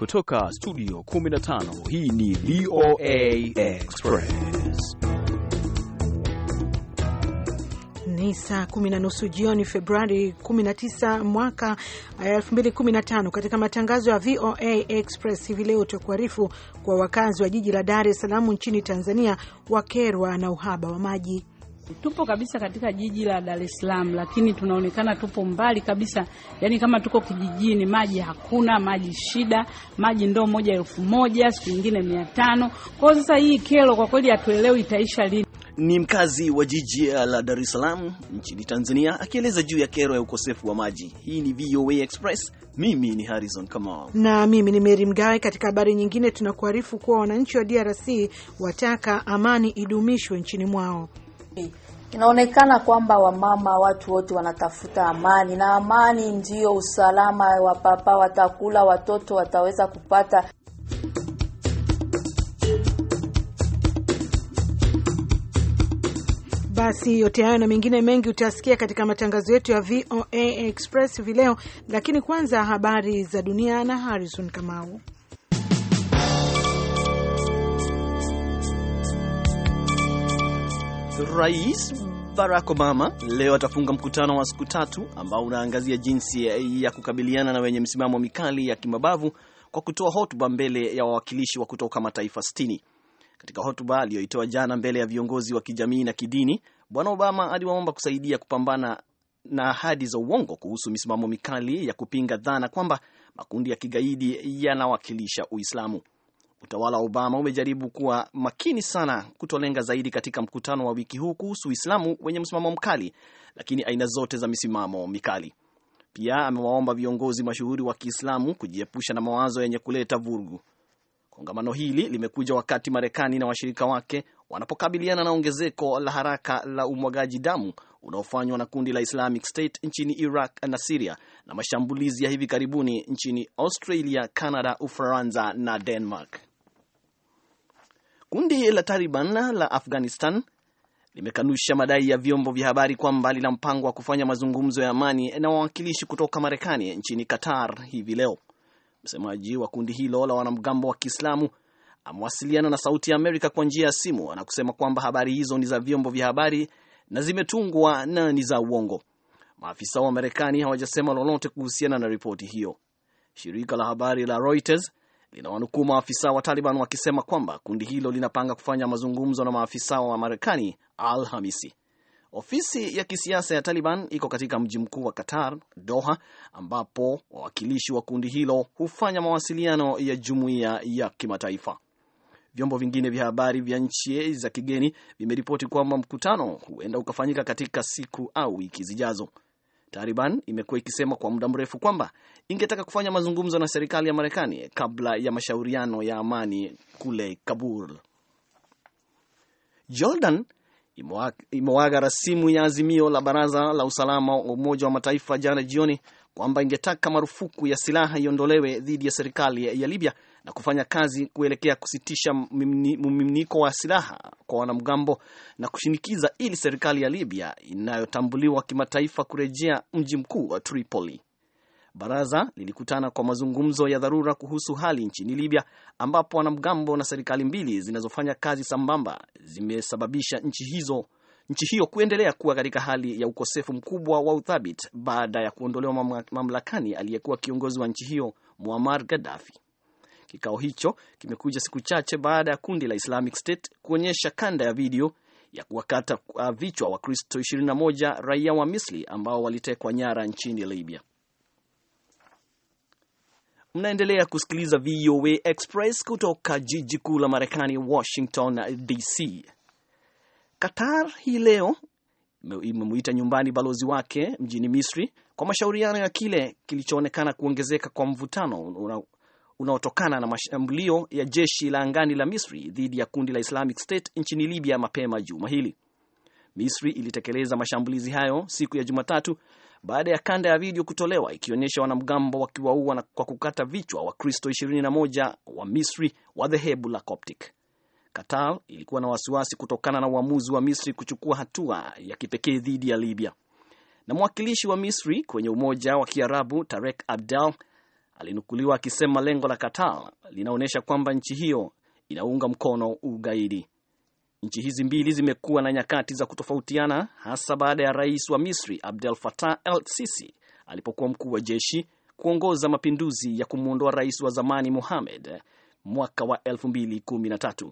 Kutoka studio 15 hii ni VOA Express. Ni saa kumi na nusu jioni Februari 19 mwaka 2015. Eh, Katika matangazo ya VOA Express hivi leo tutakuarifu kwa wakazi wa jiji la Dar es Salaam nchini Tanzania wakerwa na uhaba wa maji. Tupo kabisa katika jiji la Dar es Salaam, lakini tunaonekana tupo mbali kabisa, yaani kama tuko kijijini. Maji hakuna, maji shida, maji ndoo moja elfu moja siku nyingine mia tano Kwa hiyo sasa hii kero kwa kweli hatuelewi itaisha lini. Ni mkazi wa jiji la Dar es Salaam nchini Tanzania akieleza juu ya kero ya ukosefu wa maji. Hii ni VOA Express. Mimi ni Harrison Kamau na mimi ni Mary Mgawe. Katika habari nyingine, tunakuarifu kuwa wananchi wa DRC wataka amani idumishwe nchini mwao. Inaonekana kwamba wamama, watu wote wanatafuta amani, na amani ndio usalama wa papa, watakula, watoto wataweza kupata Basi yote hayo na mengine mengi utasikia katika matangazo yetu ya VOA Express hivi leo, lakini kwanza habari za dunia na Harrison Kamau. Rais Barack Obama leo atafunga mkutano wa siku tatu ambao unaangazia jinsi ya kukabiliana na wenye msimamo mikali ya kimabavu kwa kutoa hotuba mbele ya wawakilishi wa kutoka mataifa 60. Katika hotuba aliyoitoa jana mbele ya viongozi wa kijamii na kidini, Bwana Obama aliwaomba kusaidia kupambana na ahadi za uongo kuhusu misimamo mikali ya kupinga dhana kwamba makundi ya kigaidi yanawakilisha Uislamu. Utawala wa Obama umejaribu kuwa makini sana kutolenga zaidi katika mkutano wa wiki huu kuhusu Uislamu wenye msimamo mkali, lakini aina zote za misimamo mikali. Pia amewaomba viongozi mashuhuri wa Kiislamu kujiepusha na mawazo yenye kuleta vurugu. Kongamano hili limekuja wakati Marekani na washirika wake wanapokabiliana na ongezeko la haraka la umwagaji damu unaofanywa na kundi la Islamic State nchini Iraq na Siria na mashambulizi ya hivi karibuni nchini Australia, Canada, Ufaransa na Denmark. Kundi la Taliban la Afghanistan limekanusha madai ya vyombo vya habari kwamba lina mpango wa kufanya mazungumzo ya amani na wawakilishi kutoka Marekani nchini Qatar hivi leo. Msemaji wa kundi hilo la wanamgambo wa Kiislamu amewasiliana na Sauti ya Amerika kwa njia ya simu na kusema kwamba habari hizo ni za vyombo vya habari na zimetungwa na ni za uongo. Maafisa wa Marekani hawajasema lolote kuhusiana na ripoti hiyo. Shirika la habari la Reuters linawanukuu maafisa wa Taliban wakisema kwamba kundi hilo linapanga kufanya mazungumzo na maafisa wa Marekani Alhamisi. Ofisi ya kisiasa ya Taliban iko katika mji mkuu wa Qatar, Doha, ambapo wawakilishi wa kundi hilo hufanya mawasiliano ya jumuiya ya kimataifa. Vyombo vingine vya habari vya nchi za kigeni vimeripoti kwamba mkutano huenda ukafanyika katika siku au wiki zijazo. Taliban imekuwa ikisema kwa muda mrefu kwamba ingetaka kufanya mazungumzo na serikali ya Marekani kabla ya mashauriano ya amani kule Kabul. Jordan imewaga rasimu ya azimio la Baraza la Usalama wa Umoja wa Mataifa jana jioni kwamba ingetaka marufuku ya silaha iondolewe dhidi ya serikali ya Libya na kufanya kazi kuelekea kusitisha mmiminiko wa silaha kwa wanamgambo na kushinikiza ili serikali ya Libya inayotambuliwa kimataifa kurejea mji mkuu wa Tripoli. Baraza lilikutana kwa mazungumzo ya dharura kuhusu hali nchini Libya, ambapo wanamgambo na serikali mbili zinazofanya kazi sambamba zimesababisha nchi hizo nchi hiyo kuendelea kuwa katika hali ya ukosefu mkubwa wa uthabiti baada ya kuondolewa mamlakani aliyekuwa kiongozi wa nchi hiyo Muammar Gaddafi. Kikao hicho kimekuja siku chache baada ya kundi la Islamic State kuonyesha kanda ya video ya kuwakata uh, vichwa Wakristo 21 raia wa Misri ambao walitekwa nyara nchini Libya. Mnaendelea kusikiliza VOA Express kutoka jiji kuu la Marekani, Washington DC. Qatar hii leo imemuita nyumbani balozi wake mjini Misri kwa mashauriano ya kile kilichoonekana kuongezeka kwa mvutano unaotokana na mashambulio ya jeshi la angani la Misri dhidi ya kundi la Islamic State nchini Libya mapema juma hili. Misri ilitekeleza mashambulizi hayo siku ya Jumatatu baada ya kanda ya video kutolewa ikionyesha wanamgambo wakiwaua kwa kukata vichwa Wakristo 21 wa Misri wa dhehebu la Coptic. Qatar ilikuwa na wasiwasi kutokana na uamuzi wa Misri kuchukua hatua ya kipekee dhidi ya Libya, na mwakilishi wa Misri kwenye Umoja wa Kiarabu Tarek abdal alinukuliwa akisema lengo la Qatar linaonyesha kwamba nchi hiyo inaunga mkono ugaidi. Nchi hizi mbili zimekuwa na nyakati za kutofautiana, hasa baada ya rais wa Misri Abdel Fattah El Sisi alipokuwa mkuu wa jeshi kuongoza mapinduzi ya kumwondoa rais wa zamani Mohamed mwaka wa 2013.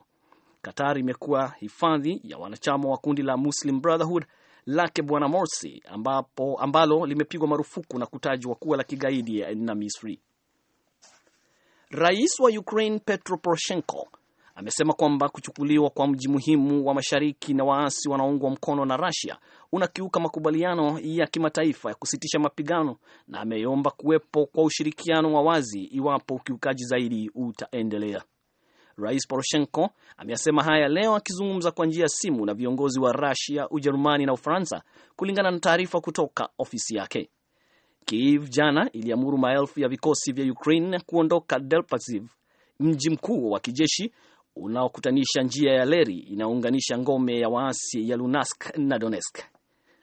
Qatar imekuwa hifadhi ya wanachama wa kundi la Muslim Brotherhood lake Bwana Morsi ambapo, ambalo limepigwa marufuku na kutajwa kuwa la kigaidi na Misri. Rais wa Ukraine Petro Poroshenko amesema kwamba kuchukuliwa kwa mji muhimu wa mashariki na waasi wanaoungwa mkono na Russia unakiuka makubaliano ya kimataifa ya kusitisha mapigano na ameomba kuwepo kwa ushirikiano wa wazi iwapo ukiukaji zaidi utaendelea. Rais Poroshenko ameyasema haya leo akizungumza kwa njia ya simu na viongozi wa Russia, Ujerumani na Ufaransa kulingana na taarifa kutoka ofisi yake. Kiev jana iliamuru maelfu ya vikosi vya Ukraine kuondoka Delpasiv, mji mkuu wa kijeshi unaokutanisha njia ya leri inayounganisha ngome ya waasi ya Lunask na Donetsk.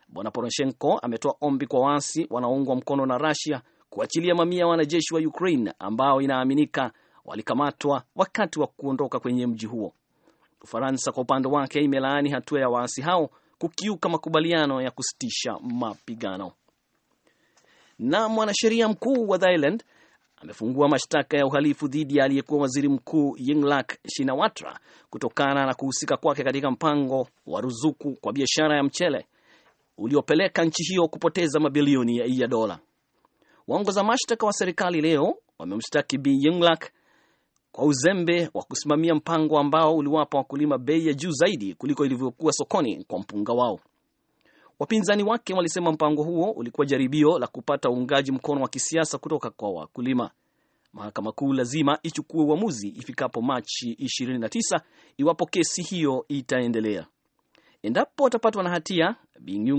Bwana Poroshenko ametoa ombi kwa waasi wanaoungwa mkono na rasia kuachilia mamia wanajeshi wa Ukraine ambao inaaminika walikamatwa wakati wa kuondoka kwenye mji huo. Ufaransa kwa upande wake imelaani hatua ya waasi hao kukiuka makubaliano ya kusitisha mapigano na mwanasheria mkuu wa Thailand amefungua mashtaka ya uhalifu dhidi ya aliyekuwa waziri mkuu Yingluck Shinawatra kutokana na kuhusika kwake katika mpango wa ruzuku kwa biashara ya mchele uliopeleka nchi hiyo kupoteza mabilioni ya, iya dola. Waongoza mashtaka wa serikali leo wamemshtaki Bi Yingluck kwa uzembe wa kusimamia mpango ambao uliwapa wakulima bei ya juu zaidi kuliko ilivyokuwa sokoni kwa mpunga wao. Wapinzani wake walisema mpango huo ulikuwa jaribio la kupata uungaji mkono wa kisiasa kutoka kwa wakulima. Mahakama Kuu lazima ichukue uamuzi ifikapo Machi 29 iwapo kesi hiyo itaendelea. Endapo atapatwa na hatia, Bi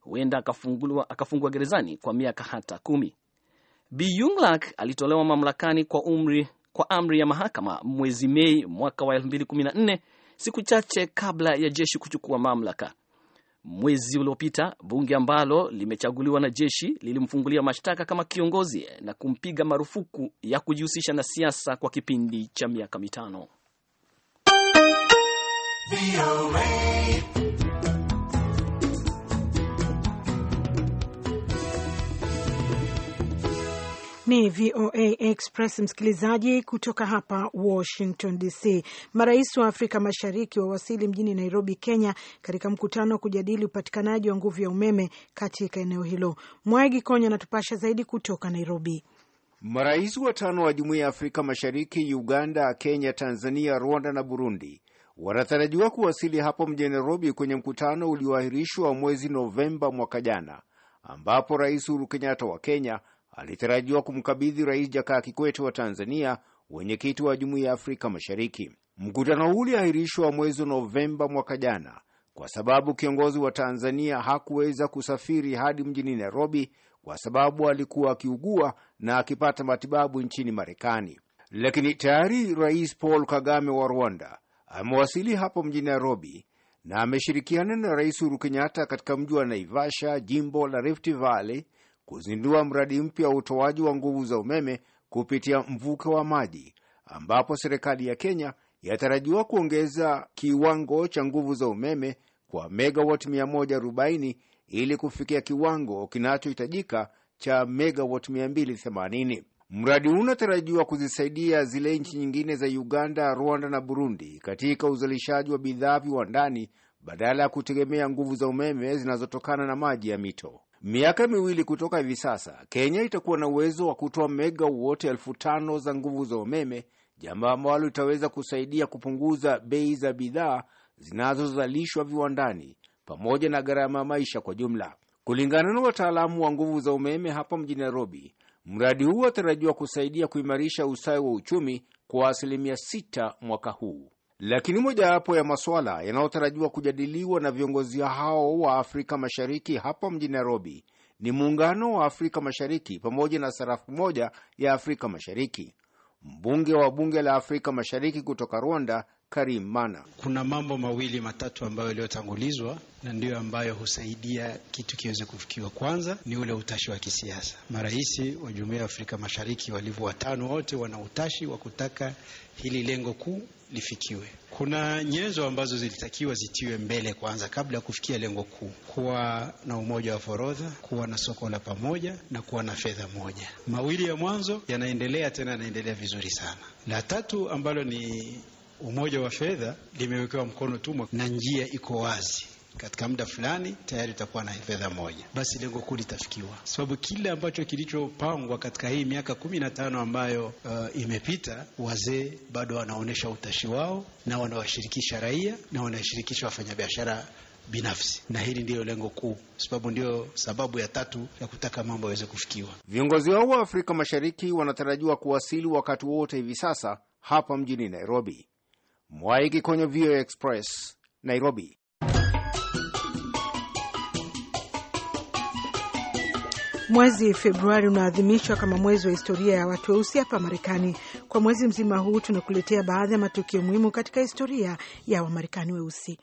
huenda akafungwa gerezani kwa miaka hata kumi. Bi Yingluck alitolewa mamlakani kwa umri, kwa amri ya mahakama mwezi Mei mwaka wa 2014 siku chache kabla ya jeshi kuchukua mamlaka. Mwezi uliopita bunge ambalo limechaguliwa na jeshi lilimfungulia mashtaka kama kiongozi na kumpiga marufuku ya kujihusisha na siasa kwa kipindi cha miaka mitano. Ni VOA Express, msikilizaji kutoka hapa Washington DC. Marais wa Afrika Mashariki wawasili mjini Nairobi, Kenya, katika mkutano wa kujadili upatikanaji wa nguvu ya umeme katika eneo hilo. mwaigi Konya anatupasha zaidi kutoka Nairobi. Marais watano wa Jumuiya ya Afrika Mashariki, Uganda, Kenya, Tanzania, Rwanda na Burundi wanatarajiwa kuwasili hapo mjini Nairobi kwenye mkutano ulioahirishwa mwezi Novemba mwaka jana, ambapo Rais Uhuru Kenyatta wa Kenya alitarajiwa kumkabidhi Rais Jakaya Kikwete wa Tanzania wenyekiti wa Jumuiya ya Afrika Mashariki. Mkutano huu uliahirishwa mwezi Novemba mwaka jana kwa sababu kiongozi wa Tanzania hakuweza kusafiri hadi mjini Nairobi kwa sababu alikuwa akiugua na akipata matibabu nchini Marekani. Lakini tayari Rais Paul Kagame wa Rwanda amewasili hapo mjini Nairobi na ameshirikiana na Rais Uhuru Kenyatta katika mji wa Naivasha, jimbo la Rift Valley, kuzindua mradi mpya wa utoaji wa nguvu za umeme kupitia mvuke wa maji, ambapo serikali ya Kenya yatarajiwa kuongeza kiwango cha nguvu za umeme kwa megawati 140 ili kufikia kiwango kinachohitajika cha megawati 280. Mradi huu unatarajiwa kuzisaidia zile nchi nyingine za Uganda, Rwanda na Burundi katika uzalishaji wa bidhaa viwandani badala ya kutegemea nguvu za umeme zinazotokana na maji ya mito. Miaka miwili kutoka hivi sasa, Kenya itakuwa na uwezo wa kutoa mega wote elfu tano za nguvu za umeme, jambo ambalo itaweza kusaidia kupunguza bei za bidhaa zinazozalishwa viwandani pamoja na gharama ya maisha kwa jumla. Kulingana na wataalamu wa nguvu za umeme hapa mjini Nairobi, mradi huu unatarajiwa kusaidia kuimarisha ustawi wa uchumi kwa asilimia 6 mwaka huu. Lakini mojawapo ya masuala yanayotarajiwa kujadiliwa na viongozi hao wa Afrika Mashariki hapo mjini Nairobi ni muungano wa Afrika Mashariki pamoja na sarafu moja ya Afrika Mashariki. Mbunge wa bunge la Afrika Mashariki kutoka Rwanda Karim Mana. Kuna mambo mawili matatu ambayo yaliyotangulizwa na ndiyo ambayo husaidia kitu kiweze kufikiwa. Kwanza ni ule utashi wa kisiasa. Marais wa Jumuiya ya Afrika Mashariki walivyo watano, wote wana utashi wa kutaka hili lengo kuu lifikiwe. Kuna nyenzo ambazo zilitakiwa zitiwe mbele kwanza kabla ya kufikia lengo kuu: kuwa na umoja wa forodha, kuwa na soko la pamoja na kuwa na fedha moja. Mawili ya mwanzo yanaendelea, tena yanaendelea vizuri sana. La tatu ambalo ni umoja wa fedha limewekewa mkono tu na njia iko wazi katika muda fulani tayari itakuwa na fedha moja, basi lengo kuu litafikiwa, sababu kile ambacho kilichopangwa katika hii miaka kumi na tano ambayo uh, imepita, wazee bado wanaonyesha utashi wao na wanawashirikisha raia na wanashirikisha wafanyabiashara binafsi na hili ndiyo lengo kuu, sababu ndiyo sababu ya tatu ya kutaka mambo yaweze kufikiwa. Viongozi wao wa Afrika Mashariki wanatarajiwa kuwasili wakati wote hivi sasa hapa mjini Nairobi. Mwaiki kwenye VOA Express Nairobi. Mwezi Februari unaadhimishwa kama mwezi wa historia ya watu weusi hapa Marekani. Kwa mwezi mzima huu tunakuletea baadhi ya matukio muhimu katika historia ya Wamarekani weusi.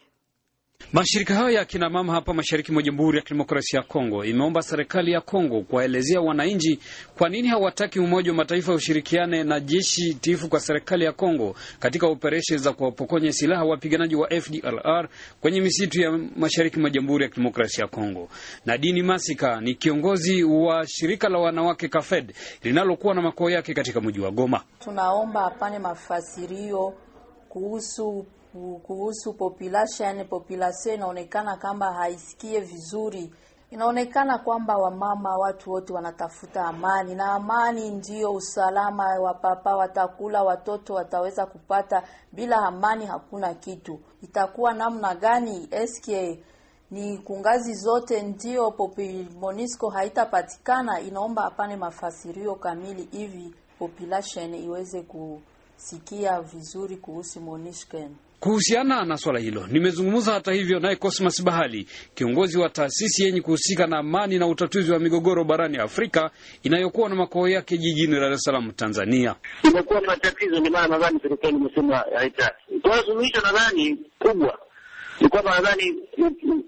Mashirika hayo ya kina mama hapa mashariki mwa Jamhuri ya Kidemokrasia ya Kongo imeomba serikali ya Kongo kuwaelezea wananchi kwa nini hawataki Umoja wa Mataifa ushirikiane na jeshi tifu kwa serikali ya Kongo katika operesheni za kuwapokonya silaha wapiganaji wa FDLR kwenye misitu ya mashariki mwa Jamhuri ya Kidemokrasia ya Kongo. Nadini Masika ni kiongozi wa shirika la wanawake Kafed linalokuwa na makao yake katika mji wa Goma. Tunaomba afanye mafasirio kuhusu kuhusu population. Population inaonekana kama haisikie vizuri, inaonekana kwamba wamama, watu wote wanatafuta amani, na amani ndiyo usalama wa papa, watakula watoto wataweza kupata. Bila amani hakuna kitu. Itakuwa namna gani? sk ni kungazi zote ndio popi, Monisco haitapatikana. Inaomba apane mafasirio kamili hivi population iweze kusikia vizuri kuhusu monisken Kuhusiana na swala hilo nimezungumza hata hivyo naye Cosmas Bahali, kiongozi wa taasisi yenye kuhusika na amani na utatuzi wa migogoro barani Afrika inayokuwa na makao yake jijini Dar es Salaam, Tanzania. Imekuwa na ni ndio maana nadhani serikali imesema haitaki suluhisho. Nadhani kubwa ni kwamba nadhani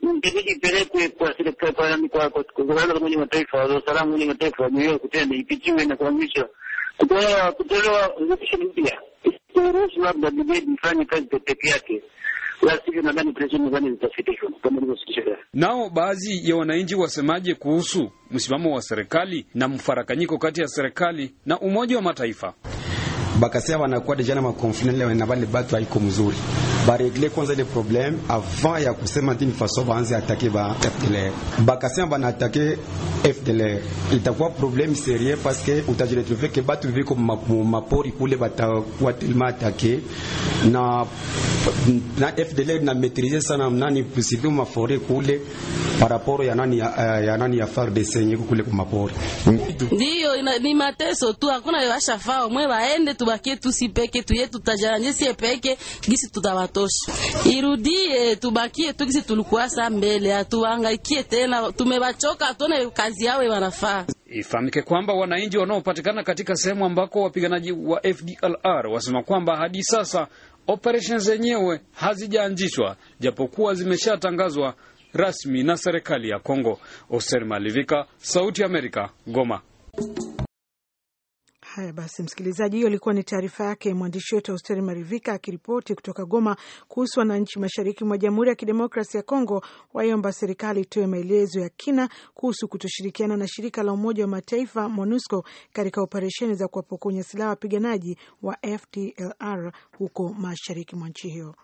ingebidi ipelekwe kwa serikali, kwa Umoja Mataifa, Umoja Mataifa wenyewe kutenda, ipitiwe na kuanzisha kutolewa kutolewa mpya ruhusu labda ifanye kazi yake, Nao baadhi ya wananchi wasemaje kuhusu msimamo wa serikali na mfarakanyiko kati ya serikali na Umoja wa Mataifa? bakasema wanakuwa deja na makonflit na vale batu haiko mzuri, baregle kwanza ile problem avant ya kusema ntini faso baanze atake ba FDLR. Bakasema banaatake FDLR itakuwa problem serie paske utajiretrouve ke batu viko mapori kule batakuwa telema atake na, na FDLR na maîtriser sana nani kusidu mafore kule paraporo ya nani ya, ya nani ya FARDC kule kumapori, ndio ni mateso tu, hakuna yoasha mwe waende tu tubakie tusi peke tuye tutajaranje si peke gisi tutabatosha, irudie tubakie tu gisi sa mbele, atuangaikie tena, tumebachoka, tuone kazi yao wanafaa. Ifahamike kwamba wananchi wanaopatikana katika sehemu ambako wapiganaji wa FDLR wasema kwamba hadi sasa operesheni zenyewe hazijaanzishwa japokuwa zimeshatangazwa rasmi na serikali ya Kongo. Oser Malivika, Sauti ya Amerika, Goma. Haya basi, msikilizaji, hiyo ilikuwa ni taarifa yake mwandishi wetu Austeri Marivika akiripoti kutoka Goma kuhusu wananchi mashariki mwa Jamhuri ya Kidemokrasi ya Kongo waiomba serikali itoe maelezo ya kina kuhusu kutoshirikiana na shirika la Umoja wa Mataifa MONUSCO katika operesheni za kuwapokonya silaha wapiganaji wa FDLR huko mashariki mwa nchi hiyo.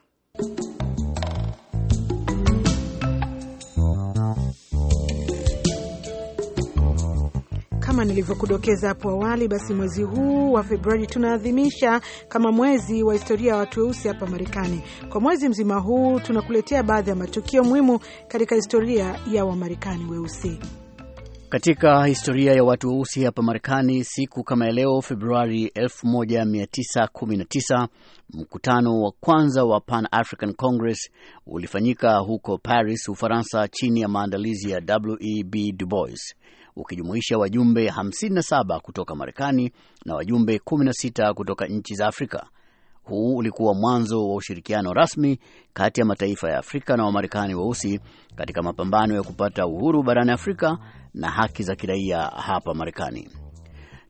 Kama nilivyokudokeza hapo awali, basi mwezi huu wa Februari tunaadhimisha kama mwezi wa historia ya watu weusi hapa Marekani. Kwa mwezi mzima huu tunakuletea baadhi ya matukio muhimu katika historia ya Wamarekani weusi. Katika historia ya watu weusi hapa Marekani, siku kama leo Februari 1919 mkutano wa kwanza wa Pan African Congress ulifanyika huko Paris, Ufaransa, chini ya maandalizi ya web Du Bois ukijumuisha wajumbe 57 kutoka Marekani na wajumbe 16 kutoka nchi za Afrika. Huu ulikuwa mwanzo wa ushirikiano rasmi kati ya mataifa ya Afrika na Wamarekani weusi wa katika mapambano ya kupata uhuru barani Afrika na haki za kiraia hapa Marekani.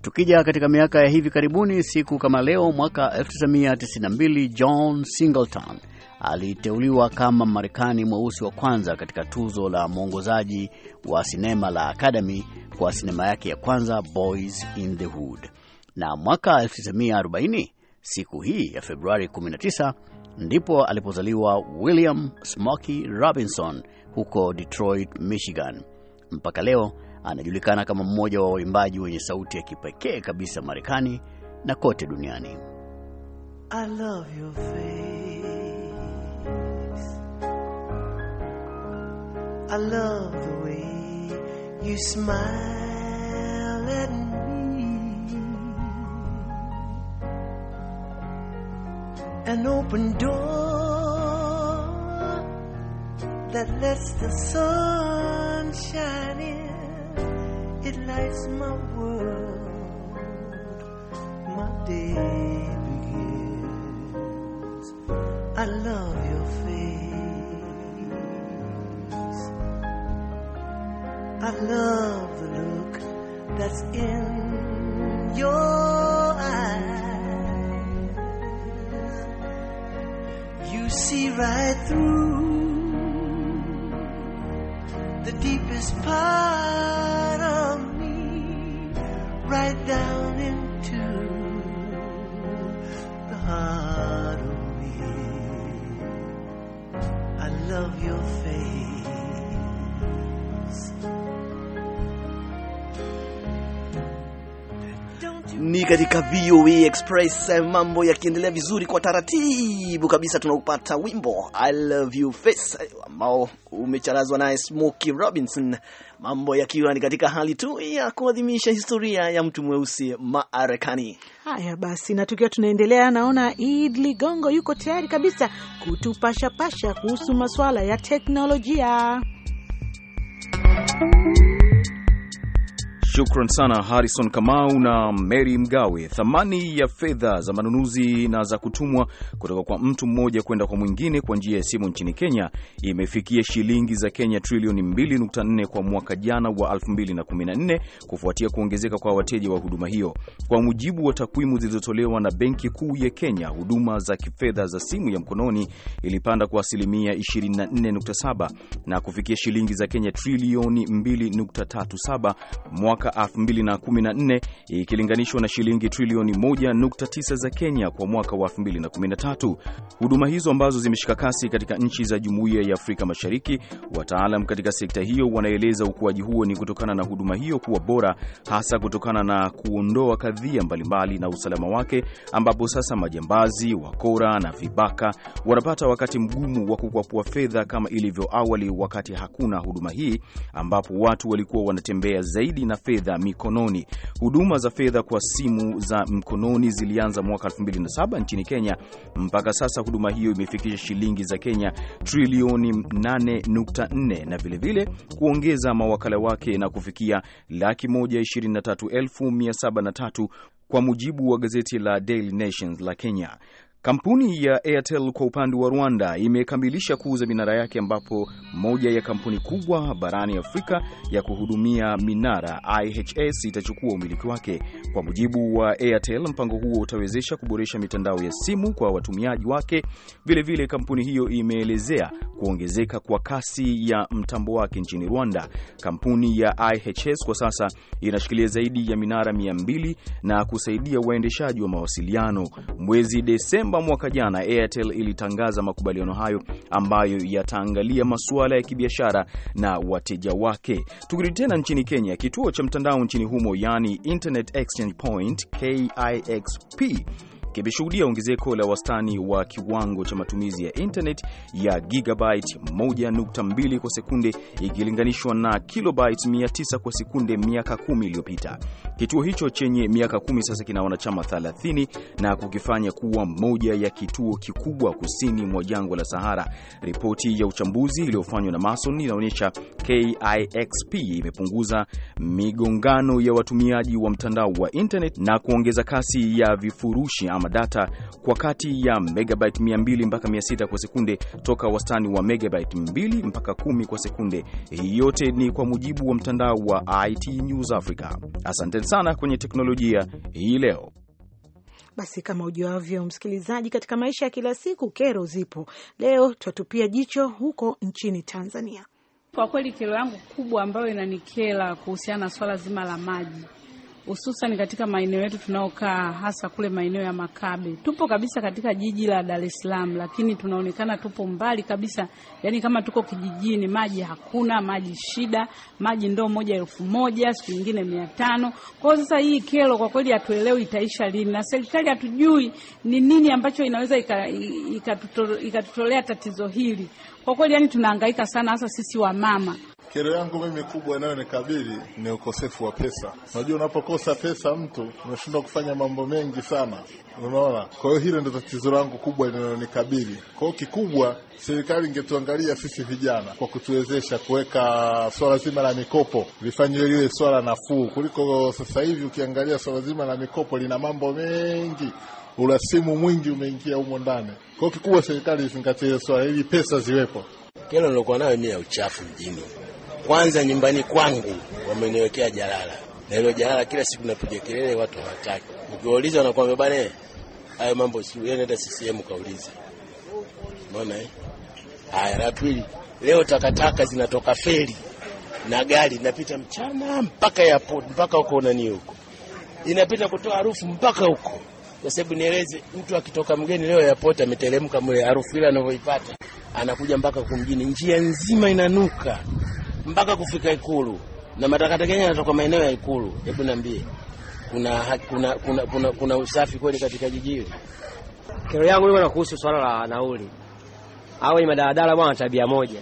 Tukija katika miaka ya hivi karibuni, siku kama leo mwaka 1992 John Singleton aliteuliwa kama Marekani mweusi wa kwanza katika tuzo la mwongozaji wa sinema la Academy kwa sinema yake ya kwanza Boys in the Hood. Na mwaka 1940 siku hii ya Februari 19 ndipo alipozaliwa William Smoky Robinson huko Detroit, Michigan. Mpaka leo anajulikana kama mmoja wa waimbaji wenye sauti ya kipekee kabisa Marekani na kote duniani. I love your face. I love the way you smile at me. An open door that lets the sun shine in. It lights my world, my day begins. I love you. I love the look that's in your eyes. You see right through. katika VOA Express mambo yakiendelea vizuri kwa taratibu kabisa, tunaupata wimbo I love you face ambao umecharazwa naye Smokey Robinson, mambo yakiwa ni katika hali tu ya kuadhimisha historia ya mtu mweusi Marekani. Haya basi, na tukiwa tunaendelea, naona Id Ligongo yuko tayari kabisa kutupashapasha kuhusu masuala ya teknolojia. Shukran sana Harrison Kamau na Mary Mgawe. Thamani ya fedha za manunuzi na za kutumwa kutoka kwa mtu mmoja kwenda kwa mwingine kwa njia ya simu nchini Kenya imefikia shilingi za Kenya trilioni 2.4 kwa mwaka jana wa 2014 kufuatia kuongezeka kwa wateja wa huduma hiyo. Kwa mujibu wa takwimu zilizotolewa na Benki Kuu ya Kenya, huduma za kifedha za simu ya mkononi ilipanda kwa asilimia 24.7 na kufikia shilingi za Kenya trilioni 2.37 mwaka mwaka 2014 ikilinganishwa na shilingi trilioni 1.9 za Kenya kwa mwaka wa 2013. Huduma hizo ambazo zimeshika kasi katika nchi za Jumuiya ya Afrika Mashariki, wataalam katika sekta hiyo wanaeleza ukuaji huo ni kutokana na huduma hiyo kuwa bora, hasa kutokana na kuondoa kadhia mbalimbali na usalama wake, ambapo sasa majambazi, wakora na vibaka wanapata wakati mgumu wa kukwapua fedha kama ilivyo awali, wakati hakuna huduma hii, ambapo watu walikuwa wanatembea zaidi na fedha fedha mikononi. Huduma za fedha kwa simu za mkononi zilianza mwaka 2007 nchini Kenya. Mpaka sasa huduma hiyo imefikisha shilingi za Kenya trilioni 8.4 na vilevile kuongeza mawakala wake na kufikia laki moja kwa mujibu wa gazeti la Daily Nations la Kenya. Kampuni ya Airtel kwa upande wa Rwanda imekamilisha kuuza minara yake ambapo moja ya kampuni kubwa barani Afrika ya kuhudumia minara IHS itachukua umiliki wake. Kwa mujibu wa Airtel, mpango huo utawezesha kuboresha mitandao ya simu kwa watumiaji wake. Vilevile vile kampuni hiyo imeelezea kuongezeka kwa kasi ya mtambo wake nchini Rwanda. Kampuni ya IHS kwa sasa inashikilia zaidi ya minara 200 na kusaidia waendeshaji wa mawasiliano. Mwezi Desemba Novemba mwaka jana, Airtel ilitangaza makubaliano hayo ambayo yataangalia masuala ya kibiashara na wateja wake. Tukirudi tena nchini Kenya, kituo cha mtandao nchini humo, yani Internet Exchange Point KIXP kimeshuhudia ongezeko la wastani wa kiwango cha matumizi ya internet ya gigabyte 1.2 kwa sekunde ikilinganishwa na kilobyte 900 kwa sekunde miaka kumi iliyopita. Kituo hicho chenye miaka kumi sasa kina wanachama 30 na kukifanya kuwa moja ya kituo kikubwa kusini mwa jangwa la Sahara. Ripoti ya uchambuzi iliyofanywa na Mason inaonyesha KIXP imepunguza migongano ya watumiaji wa mtandao wa internet na kuongeza kasi ya vifurushi ama data kwa kati ya megabyte 200 mpaka 600 kwa sekunde toka wastani wa megabyte 2 mpaka 10 kwa sekunde. Yote ni kwa mujibu wa mtandao wa IT News Africa. Asanteni sana kwenye teknolojia hii leo. Basi kama ujuavyo, msikilizaji, katika maisha ya kila siku kero zipo. Leo twatupia jicho huko nchini Tanzania. Kwa kweli kero yangu kubwa ambayo inanikela kuhusiana na swala zima la maji hususan katika maeneo yetu tunaokaa, hasa kule maeneo ya Makabe. Tupo kabisa katika jiji la Dar es Salaam, lakini tunaonekana tupo mbali kabisa, yani kama tuko kijijini. Maji hakuna, maji shida, maji ndoo moja elfu moja siku nyingine mia tano Kwa hiyo sasa hii kero kwa kweli hatuelewi itaisha lini, na serikali hatujui ni nini ambacho inaweza ikatutolea ika tatizo hili. Kwa kweli yani tunahangaika sana, hasa sisi wamama. Kero yangu mimi kubwa inayonikabili ni ukosefu wa pesa. Unajua, unapokosa pesa mtu unashindwa kufanya mambo mengi sana, unaona. Kwa hiyo hilo ndio tatizo langu kubwa linalonikabili. Kwa hiyo kikubwa, serikali ingetuangalia sisi vijana kwa kutuwezesha kuweka swala zima la mikopo lifanyiwe liwe swala nafuu kuliko sasa hivi. Ukiangalia swala zima la mikopo lina mambo mengi, urasimu mwingi umeingia humo ndani. Kwa kikubwa, serikali izingatie swala hili, pesa ziwepo. Kero nilokuwa nayo ni ya uchafu mjini kwanza nyumbani kwangu wameniwekea jalala, na hilo jalala kila siku napiga kelele, watu hawataki. Ukiwauliza wanakuambia bana, eh, hayo mambo si nenda CCM kaulize. Umeona eh? Haya, la pili, leo takataka zinatoka feri na gari inapita mchana mpaka airport mpaka huko nani huko, inapita kutoa harufu mpaka huko. Kwa sababu nieleze, mtu akitoka mgeni leo airport ameteremka mwe harufu ile anavyoipata anakuja mpaka kumjini, njia nzima inanuka mpaka kufika Ikulu na matakataka yenyewe yanatoka maeneo ya Ikulu. Hebu niambie, kuna, kuna, kuna, kuna, kuna usafi kweli katika jiji hili? Kero yangu mimi kuhusu swala la nauli au ni madaladala bwana, tabia moja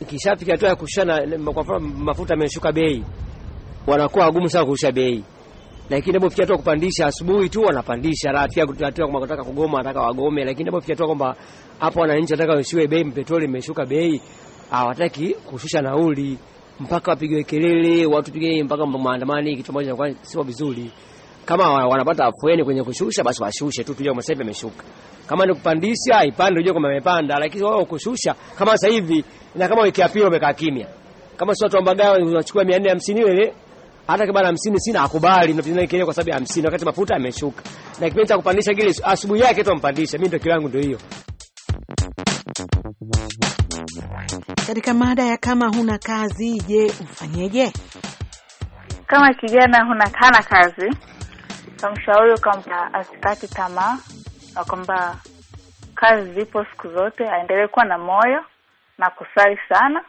ikishafika hatua ya kushana, kwa mfano mafuta yameshuka bei, wanakuwa wagumu sana kurusha bei, lakini hapo fikia tu kupandisha asubuhi tu wanapandisha, rafiki yako tunatoa kama kutaka kugoma, nataka wagome, lakini hapo fikia tu kwamba hapo wananchi wanataka washiwe bei, petroli imeshuka bei, hawataki kushusha nauli mpaka wapigiwe kelele, watu pige mpaka maandamano, kitu ambacho kwa sio vizuri. Kama wanapata afueni kwenye kushusha, basi washushe tu, tujue sasa hivi ameshuka. Kama ni kupandisha, ipande, ujue kama imepanda, lakini wao kushusha kama sasa hivi na kama wiki ya pili wamekaa kimya, kama sio watu wa ambao wanachukua 450 ile hata kama na 50 sina akubali, na tunapigana kelele kwa sababu ya 50 wakati mafuta yameshuka, na kipindi cha kupandisha kile asubuhi yake tu ampandisha. Mimi ndio kilangu ndio hiyo. katika mada ya kama huna kazi, je, ufanyeje? Kama kijana huna hana kazi, tamshauri kwamba asikati tamaa na kwamba kazi zipo siku zote, aendelee kuwa na moyo na kusali sana,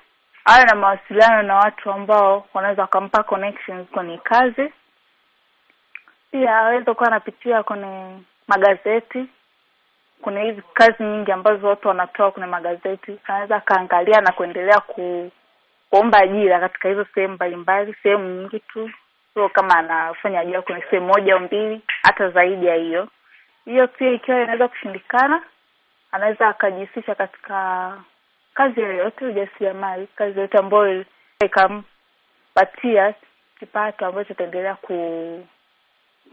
awe na mawasiliano na watu ambao wanaweza wakampa connections kwenye kazi. Pia aweze kuwa anapitia kwenye magazeti kuna hizi kazi nyingi ambazo watu wanatoa, kwenye magazeti, anaweza akaangalia na kuendelea ku, kuomba ajira katika hizo sehemu mbalimbali, sehemu nyingi tu, sio kama anafanya ajira kwenye sehemu moja au mbili, hata zaidi ya hiyo hiyo. Pia ikiwa inaweza kushindikana, anaweza akajihusisha katika kazi yoyote, ujasiriamali, kazi yoyote ambayo ikampatia kipato ambacho ataendelea ku,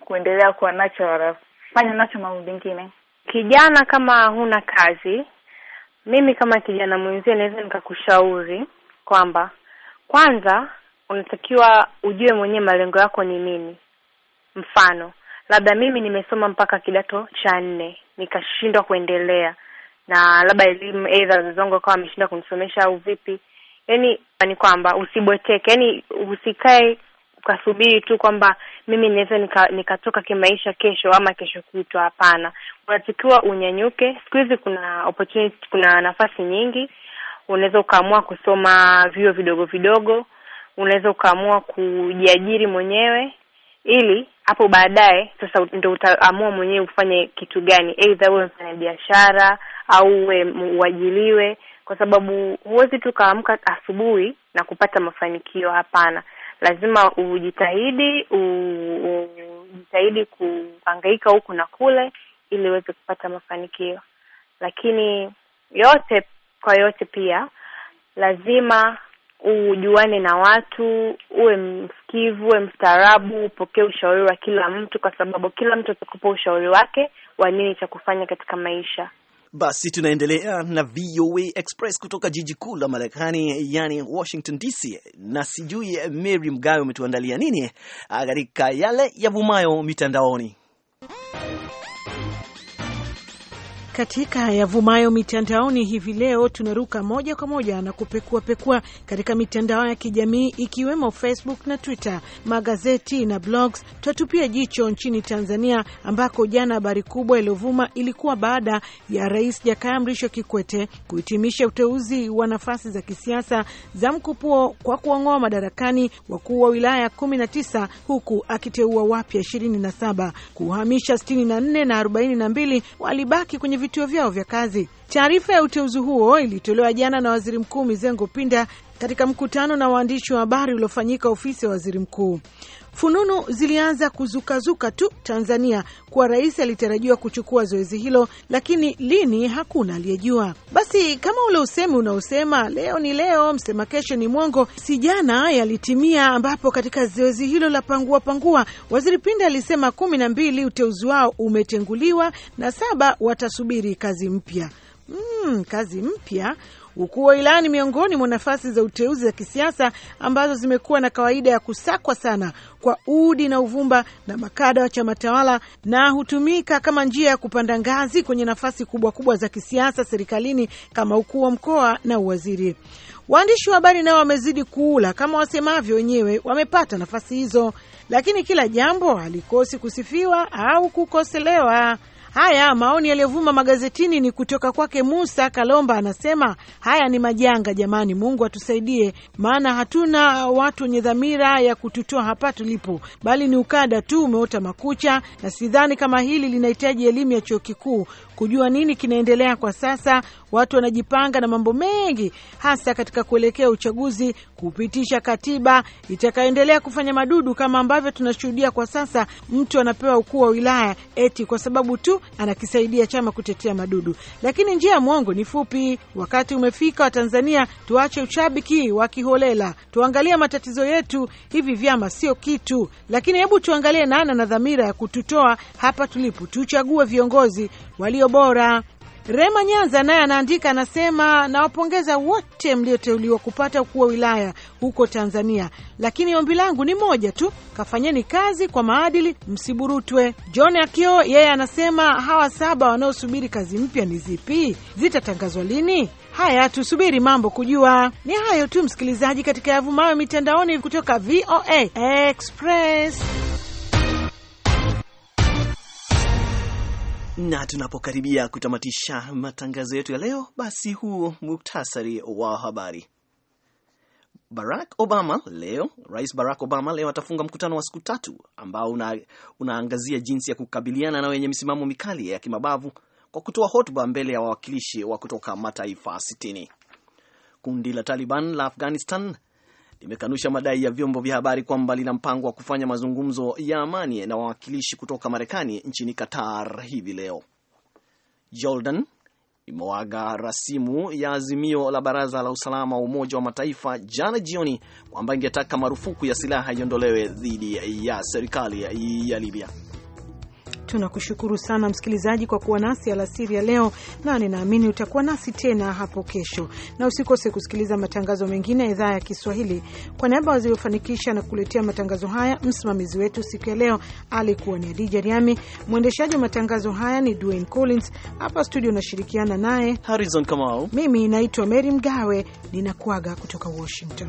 kuendelea kuwa nacho, fanya nacho mambo mengine kijana, kama huna kazi, mimi kama kijana mwenzie naweza nikakushauri kwamba kwanza unatakiwa ujue mwenyewe malengo yako ni nini. Mfano, labda mimi nimesoma mpaka kidato cha nne nikashindwa kuendelea na labda elimu, aidha wazazi wangu ameshinda ameshindwa kunisomesha au vipi. Yani ni kwamba usibweteke, yani usikae ukasubiri tu kwamba mimi naweza nikatoka nika kimaisha kesho ama kesho kutwa. Hapana, unatakiwa unyanyuke. Siku hizi kuna opportunity, kuna nafasi nyingi. Unaweza ukaamua kusoma vyuo vidogo vidogo, unaweza ukaamua kujiajiri mwenyewe, ili hapo baadaye sasa ndo utaamua mwenyewe ufanye kitu gani, aidha uwe mfanya biashara au uwe uajiliwe, kwa sababu huwezi tu kaamka asubuhi na kupata mafanikio. Hapana, lazima ujitahidi, ujitahidi kuhangaika huku na kule ili uweze kupata mafanikio. Lakini yote kwa yote, pia lazima ujuane na watu, uwe msikivu, uwe mstaarabu, upokee ushauri wa kila mtu, kwa sababu kila mtu atakupa ushauri wake wa nini cha kufanya katika maisha. Basi tunaendelea na VOA Express kutoka jiji kuu la Marekani, yani Washington DC, na sijui eh, Mary Mgawe umetuandalia nini eh, katika yale yavumayo mitandaoni? Katika yavumayo mitandaoni hivi leo, tunaruka moja kwa moja na kupekuapekua katika mitandao ya kijamii ikiwemo Facebook na Twitter, magazeti na blogs. Twatupia jicho nchini Tanzania ambako jana habari kubwa iliyovuma ilikuwa baada ya Rais Jakaya Mrisho Kikwete kuhitimisha uteuzi wa nafasi za kisiasa za mkupuo kwa kuong'oa madarakani wakuu wa wilaya 19 huku akiteua wapya 27 kuhamisha 64 na 42 walibaki kwenye vituo vyao vya kazi. Taarifa ya uteuzi huo ilitolewa jana na waziri mkuu Mizengo Pinda katika mkutano na waandishi wa habari uliofanyika ofisi ya waziri mkuu. Fununu zilianza kuzukazuka tu Tanzania kuwa rais alitarajiwa kuchukua zoezi hilo, lakini lini hakuna aliyejua. Basi kama ule usemi unaosema leo ni leo, msema kesho ni mwongo, si jana yalitimia, ambapo katika zoezi hilo la pangua pangua waziri Pinde alisema kumi na mbili uteuzi wao umetenguliwa na saba watasubiri kazi mpya. Mm, kazi mpya ukuu wa wilaya ni miongoni mwa nafasi za uteuzi za kisiasa ambazo zimekuwa na kawaida ya kusakwa sana kwa udi na uvumba na makada wa chama tawala na hutumika kama njia ya kupanda ngazi kwenye nafasi kubwa kubwa za kisiasa serikalini kama ukuu wa mkoa na uwaziri. Waandishi wa habari nao wamezidi kuula, kama wasemavyo wenyewe, wamepata nafasi hizo, lakini kila jambo halikosi kusifiwa au kukoselewa. Haya maoni yaliyovuma magazetini ni kutoka kwake Musa Kalomba, anasema haya ni majanga jamani, Mungu atusaidie, maana hatuna watu wenye dhamira ya kututoa hapa tulipo, bali ni ukada tu umeota makucha, na sidhani kama hili linahitaji elimu ya chuo kikuu, kujua nini kinaendelea kwa sasa. Watu wanajipanga na mambo mengi, hasa katika kuelekea uchaguzi, kupitisha katiba itakayoendelea kufanya madudu, kama ambavyo tunashuhudia kwa sasa. Mtu anapewa ukuu wa wilaya eti kwa sababu tu anakisaidia chama kutetea madudu, lakini njia ya mwongo ni fupi. Wakati umefika wa Tanzania tuache ushabiki wa kiholela, tuangalie matatizo yetu. Hivi vyama sio kitu, lakini hebu tuangalie nani ana dhamira ya kututoa hapa tulipo, tuchague viongozi walio yaliyo bora. Rema Nyanza naye anaandika, anasema nawapongeza wote mlioteuliwa kupata ukuu wa wilaya huko Tanzania, lakini ombi langu ni moja tu, kafanyeni kazi kwa maadili, msiburutwe. John Akio yeye anasema hawa saba wanaosubiri kazi mpya ni zipi? Zitatangazwa lini? Haya, tusubiri mambo kujua. Ni hayo tu msikilizaji, katika yavumayo mitandaoni kutoka VOA Express. na tunapokaribia kutamatisha matangazo yetu ya leo, basi huu muktasari wa habari. Barack Obama leo, Rais Barack Obama leo atafunga mkutano wa siku tatu ambao una, unaangazia jinsi ya kukabiliana na wenye misimamo mikali ya kimabavu kwa kutoa hotuba mbele ya wawakilishi wa kutoka mataifa sitini. Kundi la Taliban la Afghanistan limekanusha madai ya vyombo vya habari kwamba lina mpango wa kufanya mazungumzo ya amani na wawakilishi kutoka Marekani nchini Qatar hivi leo. Jordan imewaga rasimu ya azimio la Baraza la Usalama wa Umoja wa Mataifa jana jioni kwamba ingetaka marufuku ya silaha iondolewe dhidi ya serikali ya Libya. Tunakushukuru sana msikilizaji kwa kuwa nasi alasiri ya leo, na ninaamini utakuwa nasi tena hapo kesho, na usikose kusikiliza matangazo mengine ya idhaa ya Kiswahili. Kwa niaba waziofanikisha na kuletea matangazo haya, msimamizi wetu siku ya leo alikuwa ni Adija Riami, mwendeshaji wa matangazo haya ni Dwayne Collins, hapa studio nashirikiana naye Harrison Kamau. Mimi naitwa Mary Mgawe, ninakuaga kutoka Washington.